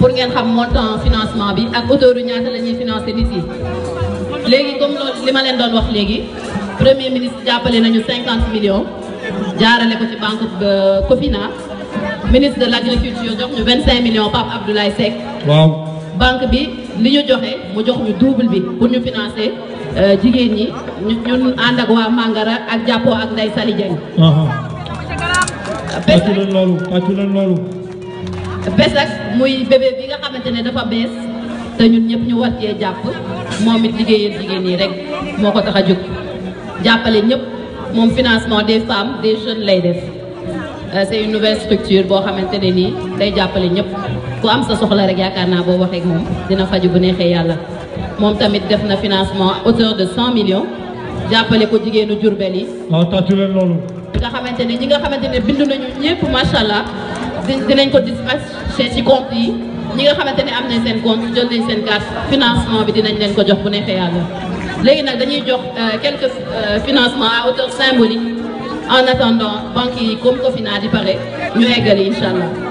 pour ngeen xam montant financement bi ak autoroute ñaata la ñuy financer nit yi. léegi comme loolu li ma leen doon wax léegi premier ministre jàppale nañu cinquante millions jaarale ko ci banque euh, Cofina ministre de l' agriculture jox ñu vingt cinq millions Pape Abdoulaye Seck. waaw banque bi li ñu joxe mu jox ñu double bi pour ñu financer euh, jigéen ñi ñun ànd ak waa Mangara ak jàppoo ak Ndeye Sali Dieng. pàccu leen loolu pàccu leen loolu. bés ak muy bébé bi nga xamante ne dafa bees te ñun ñëpp ñu war cee jàpp moom it liggéeyal jigéen ñi rek moo ko tax a jóg jàppale ñëpp moom financement des femmes des jeunes lay euh, c'est une nouvelle structure boo xamante ni, nii day jàppale ñëpp ku am sa soxla rek yaakaar naa boo waxee ak moom dina faju bu neexee yàlla moom tamit def na financement hauteur de 100 millions jàppale ko jigéenu Jurbel yi. waaw tàccu leen loolu. nga xamante ne ñi nga xamante ne bindu nañu ñëpp macha allah dinañ ko dispatché ci compte yi ñi nga xamante ne am nañ seen compte jël nañ seen financement bi dinañ leen ko jox bu neexee yàlla léegi nag dañuy jox euh, quelques euh, financements à hauteur symbolique en attendant banque yi comme Cofina di pare ñu inshallah